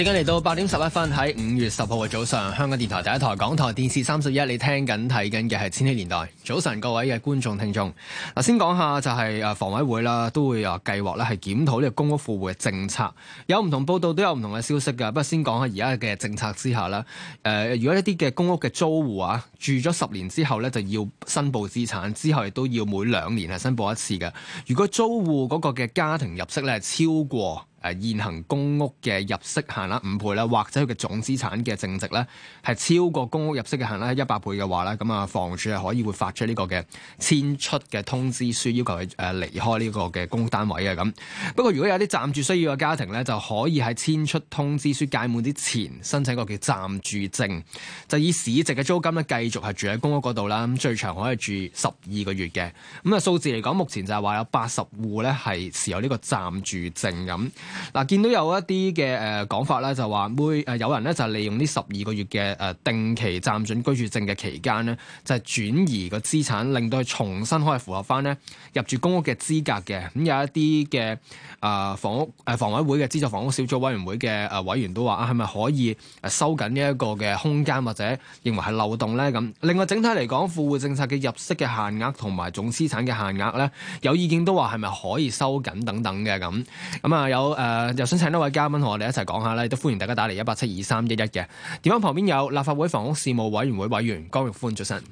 時間嚟到八點十一分喺五月十號嘅早上，香港電台第一台、港台電視三十一，你聽緊睇緊嘅係《千禧年代》早晨，各位嘅觀眾聽眾，嗱先講下就係誒房委會啦，都會啊計劃咧係檢討呢個公屋富戶嘅政策，有唔同報道都有唔同嘅消息噶。不過先講下而家嘅政策之下啦，誒、呃、如果一啲嘅公屋嘅租戶啊住咗十年之後咧就要申報資產，之後亦都要每兩年係申報一次嘅。如果租戶嗰個嘅家庭入息咧超過。誒現行公屋嘅入息限額五倍啦，或者佢嘅總資產嘅淨值咧係超過公屋入息嘅限額一百倍嘅話咧，咁啊房署啊可以會發出呢個嘅遷出嘅通知書，要求佢誒離開呢個嘅公屋單位啊咁。不過如果有啲暫住需要嘅家庭咧，就可以喺遷出通知書屆滿之前申請個叫暫住證，就以市值嘅租金咧繼續係住喺公屋嗰度啦。咁最長可以住十二個月嘅。咁啊數字嚟講，目前就係話有八十戶咧係持有呢個暫住證咁。嗱，見到有一啲嘅誒講法咧，就話、是、會誒有人咧就利用呢十二個月嘅誒定期暫准居住證嘅期間咧，就是、轉移個資產，令到佢重新可以符合翻咧入住公屋嘅資格嘅。咁、嗯、有一啲嘅誒房屋誒房委會嘅資助房屋小組委員會嘅誒委員都話啊，係咪可以收緊呢一個嘅空間，或者認為係漏洞咧？咁另外整體嚟講，富戶政策嘅入息嘅限額同埋總資產嘅限額咧，有意見都話係咪可以收緊等等嘅咁咁啊有。誒、呃、又想請多位嘉賓同我哋一齊講下咧，都歡迎大家打嚟一八七二三一一嘅電話。旁邊有立法會房屋事務委員會委員江玉歡，早晨。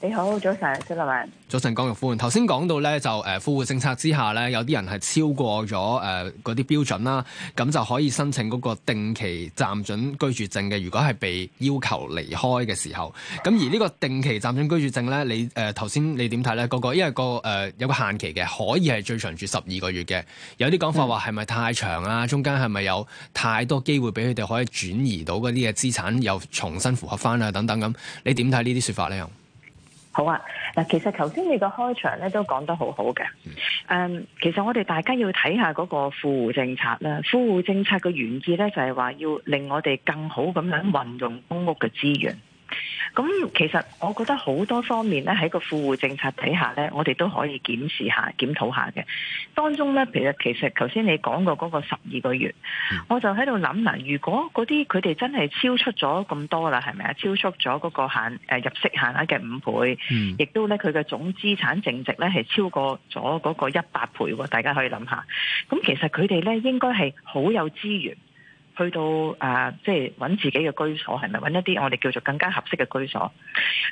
你好，早晨，小麗。早晨，江玉歡。頭先講到咧，就誒，富戶政策之下咧，有啲人係超過咗誒嗰啲標準啦，咁就可以申請嗰個定期暫准居住證嘅。如果係被要求離開嘅時候，咁而呢個定期暫准居住證咧，你誒頭先你點睇咧？個個因為個誒、呃、有個限期嘅，可以係最長住十二個月嘅。有啲講法話係咪太長啊？嗯、中間係咪有太多機會俾佢哋可以轉移到嗰啲嘅資產，又重新符合翻啊？等等咁，你點睇呢啲說法咧？好啊，嗱，其實頭先你個開場咧都講得好好嘅。嗯、um，其實我哋大家要睇下嗰個富戶政策啦。富戶政策嘅原意咧，就係話要令我哋更好咁樣運用公屋嘅資源。咁其實我覺得好多方面咧喺個富戶政策底下咧，我哋都可以檢視下、檢討下嘅。當中咧，其實其實頭先你講過嗰個十二個月，嗯、我就喺度諗嗱，如果嗰啲佢哋真係超出咗咁多啦，係咪啊？超出咗嗰個限誒入息限額嘅五倍，嗯、亦都咧佢嘅總資產淨值咧係超過咗嗰個一百倍喎。大家可以諗下，咁其實佢哋咧應該係好有資源。去到啊，即係揾自己嘅居所，係咪揾一啲我哋叫做更加合適嘅居所？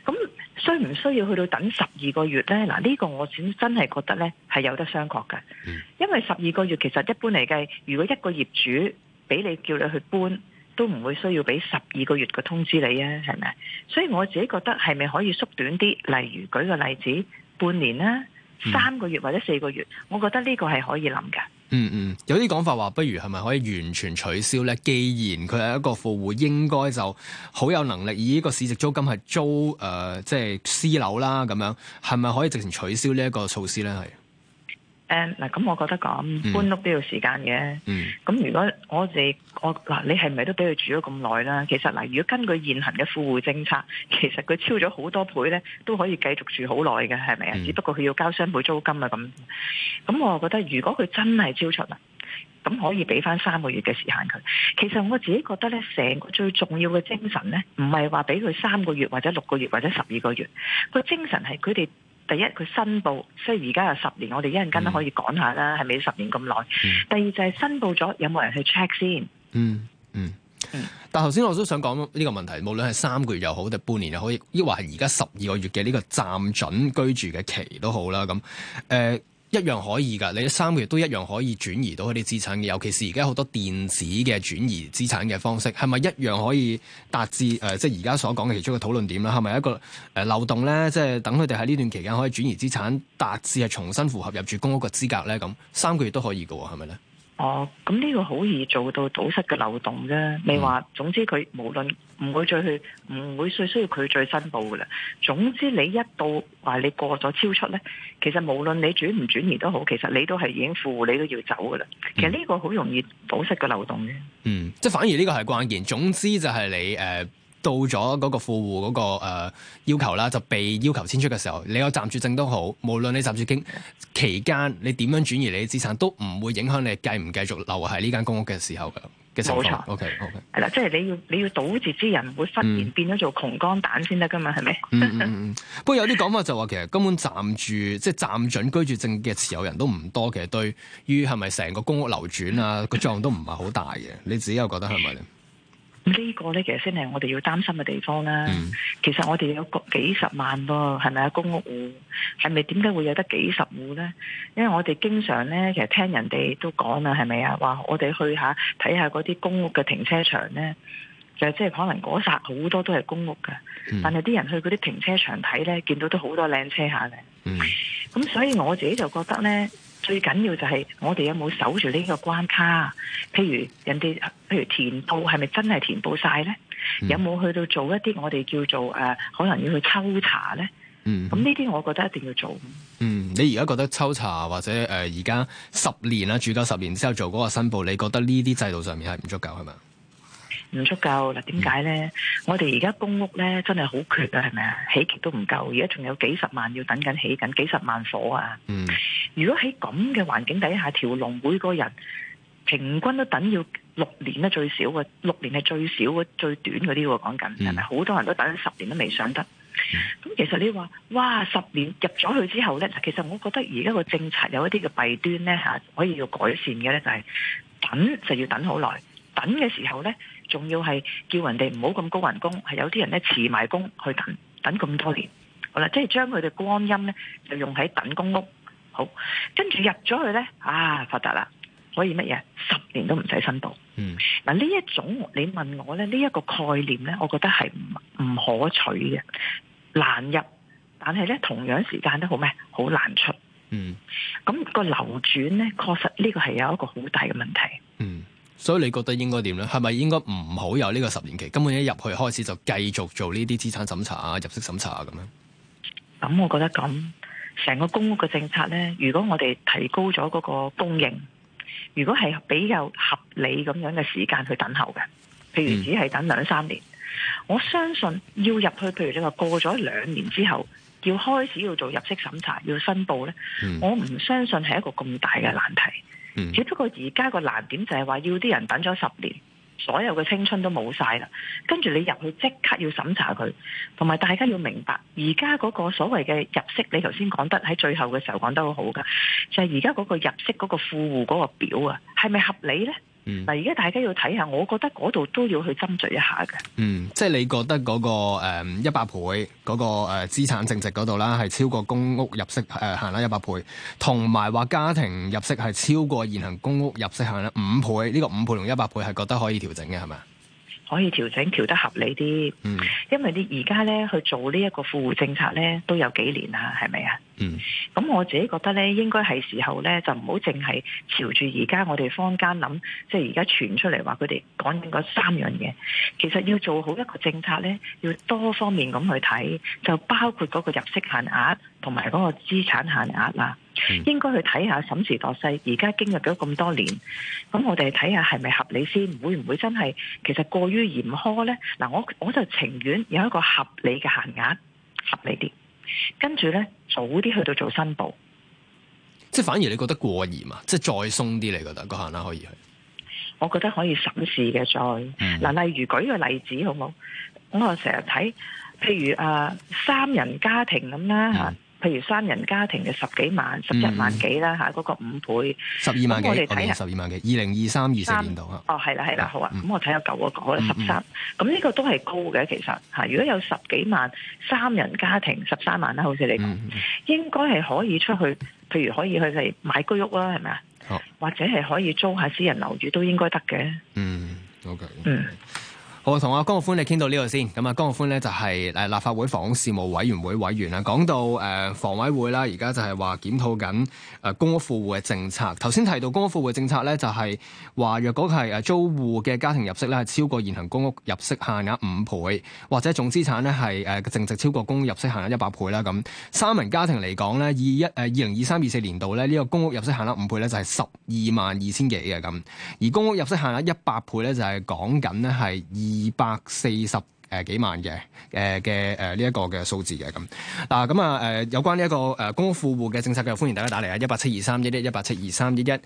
咁需唔需要去到等十二個月呢？嗱，呢、呢個我先真係覺得呢係有得商榷嘅，因為十二個月其實一般嚟計，如果一個業主俾你叫你去搬，都唔會需要俾十二個月嘅通知你啊，係咪？所以我自己覺得係咪可以縮短啲？例如舉個例子，半年啦，三個月或者四個月，我覺得呢個係可以諗嘅。嗯嗯，有啲講法話，不如係咪可以完全取消咧？既然佢係一個富戶，應該就好有能力以呢個市值租金係租誒、呃，即係私樓啦咁樣，係咪可以直情取消呢一個措施咧？係。誒嗱，咁我覺得講搬屋都要時間嘅。咁 如果我哋我嗱，你係咪都俾佢住咗咁耐啦？其實嗱，如果根據現行嘅富戶政策，其實佢超咗好多倍咧，都可以繼續住好耐嘅，係咪啊？ 只不過佢要交雙倍租金啊，咁。咁我覺得如果佢真係超出啦，咁可以俾翻三個月嘅時間佢。其實我自己覺得咧，成個最重要嘅精神咧，唔係話俾佢三個月或者六個月或者十二個月，佢精神係佢哋。第一，佢申報，所以而家有十年，我哋一陣間都可以講下啦，係咪十年咁耐？第二就係、是、申報咗，有冇人去 check 先、嗯？嗯嗯嗯。但頭先我都想講呢個問題，無論係三個月又好，定半年又好，抑或係而家十二個月嘅呢個暫准居住嘅期都好啦。咁誒。呃一樣可以㗎，你三個月都一樣可以轉移到佢啲資產嘅，尤其是而家好多電子嘅轉移資產嘅方式，係咪一樣可以達至誒、呃、即係而家所講嘅其中一個討論點咧？係咪一個誒漏洞咧？即係等佢哋喺呢段期間可以轉移資產，達至係重新符合入住公屋嘅資格咧？咁三個月都可以嘅喎，係咪咧？哦，咁呢個好易做到堵塞嘅漏洞啫，你話、嗯、總之佢無論，唔會再去，唔會再需要佢再申報噶啦。總之你一到話你過咗超出咧，其實無論你轉唔轉移都好，其實你都係已經富戶，你都要走噶啦。其實呢個好容易堵塞嘅漏洞嘅。嗯，即係反而呢個係關鍵。總之就係你誒、呃、到咗嗰個富戶嗰個誒、呃、要求啦，就被要求遷出嘅時候，你有暫住證都好，無論你暫住經期間你點樣轉移你嘅資產，都唔會影響你繼唔繼續留喺呢間公屋嘅時候噶。冇錯，OK，OK，係啦，即係 Okay, okay. 你要你要堵住啲人會忽然變咗做窮光蛋先得㗎嘛，係咪？嗯嗯嗯嗯。不過有啲講法就話，其實根本暫住即係暫準居住證嘅持有人都唔多，其實對於係咪成個公屋流轉啊 個作用都唔係好大嘅，你自己又覺得係咪？ 呢個咧其實先係我哋要擔心嘅地方啦。嗯、其實我哋有個幾十萬噃，係咪啊？公屋戶係咪點解會有得幾十戶咧？因為我哋經常咧，其實聽人哋都講啦，係咪啊？話我哋去下睇下嗰啲公屋嘅停車場咧，就即、是、係可能嗰曬好多都係公屋㗎，嗯、但係啲人去嗰啲停車場睇咧，見到都好多靚車下嘅。咁、嗯、所以我自己就覺得咧。最緊要就係我哋有冇守住呢個關卡？譬如人哋譬如填報，係咪真係填報晒呢？有冇去到做一啲我哋叫做誒，可能要去抽查呢？嗯，咁呢啲我覺得一定要做。嗯，你而家覺得抽查或者誒而家十年啦，住夠十年之後做嗰個申報，你覺得呢啲制度上面係唔足夠係咪？唔足夠喇？點解呢？我哋而家公屋呢真係好缺啊，係咪啊？起極都唔夠，而家仲有幾十萬要等緊起緊，幾十萬火啊！嗯。如果喺咁嘅環境底下，條龍每個人平均都等要六年咧，最少嘅六年係最少嘅最短嗰啲喎，講緊係咪好多人都等十年都未上得？咁、嗯、其實你話哇，十年入咗去之後呢？其實我覺得而家個政策有一啲嘅弊端呢，嚇，可以要改善嘅呢、就係，就係等就要等好耐，等嘅時候呢，仲要係叫人哋唔好咁高人工，係有啲人呢遲埋工去等等咁多年，好啦，即係將佢哋光陰呢，就用喺等公屋。好，跟住入咗去呢，啊發達啦，可以乜嘢十年都唔使申報。嗯，嗱呢一種，你問我呢，呢、這、一個概念呢，我覺得係唔唔可取嘅，難入，但係呢，同樣時間都好咩，好難出。嗯，咁個流轉呢，確實呢個係有一個好大嘅問題。嗯，所以你覺得應該點呢？係咪應該唔好有呢個十年期？根本一入去開始就繼續做呢啲資產審查啊、入息審查啊咁樣？咁、嗯、我覺得咁。成個公屋嘅政策呢，如果我哋提高咗嗰個供應，如果係比較合理咁樣嘅時間去等候嘅，譬如只係等兩三年，我相信要入去，譬如你話過咗兩年之後，要開始要做入息審查，要申報呢，嗯、我唔相信係一個咁大嘅難題。嗯、只不過而家個難點就係話要啲人等咗十年。所有嘅青春都冇晒啦，跟住你入去即刻要審查佢，同埋大家要明白，而家嗰個所謂嘅入息，你頭先講得喺最後嘅時候講得好好噶，就係而家嗰個入息嗰個富戶嗰個表啊，係咪合理呢？嗱，而家大家要睇下，我覺得嗰度都要去斟酌一下嘅。嗯，即係你覺得嗰、個一百倍嗰、個誒資產淨值嗰度啦，係超過公屋入息誒限啦一百倍，同埋話家庭入息係超過現行公屋入息限啦五倍，呢、個五倍同一百倍係覺得可以調整嘅，係咪啊？可以調整調得合理啲，嗯、因為你而家咧去做呢一個富戶政策咧都有幾年啦，係咪啊？嗯，咁我自己覺得咧，應該係時候咧就唔好淨係朝住而家我哋坊間諗，即係而家傳出嚟話佢哋講緊嗰三樣嘢，其實要做好一個政策咧，要多方面咁去睇，就包括嗰個入息限額同埋嗰個資產限額啦。應該去睇下審時度勢，而家經歷咗咁多年，咁我哋睇下係咪合理先，會唔會真係其實過於嚴苛咧？嗱，我我就情願有一個合理嘅限額，合理啲，跟住咧早啲去到做申報。即係反而你覺得過嚴嘛？即係再鬆啲，你覺得個限額可以去？我覺得可以審視嘅，再嗱、嗯，例如舉個例子好唔好？我成日睇，譬如誒、啊、三人家庭咁啦嚇。嗯。譬如三人家庭嘅十幾萬、十一萬幾啦嚇，嗰個五倍十二萬，我哋睇下十二萬幾，二零二三二四年度嚇。哦，係啦，係啦，好啊。咁我睇下九個九，好啦，十三。咁呢個都係高嘅，其實嚇。如果有十幾萬三人家庭十三萬啦，好似你講，應該係可以出去，譬如可以去係買居屋啦，係咪啊？或者係可以租下私人樓住都應該得嘅。嗯，OK。嗯。我同阿江玉歡你傾到呢度先。咁啊，江玉歡咧就係、是、誒立法會房屋事務委員會委員啦。講到誒、呃、房委會啦，而家就係話檢討緊誒公屋富戶嘅政策。頭先提到公屋富戶嘅政策咧，就係、是、話若果係誒租戶嘅家庭入息咧，係超過現行公屋入息限額五倍，或者總資產咧係誒淨值超過公屋入息限額一百倍啦。咁三人家庭嚟講咧，以一誒二零二三二,二四年度咧呢、這個公屋入息限額五倍咧就係十二萬二千幾嘅。咁，而公屋入息限額一百倍咧就係、是、講緊咧係二。二百四十誒幾萬嘅誒嘅誒呢一個嘅數字嘅，咁。嗱，咁啊誒、呃、有關呢一個誒公屋富戶嘅政策嘅，歡迎大家打嚟啊，一八七二三一一一八七二三一一。一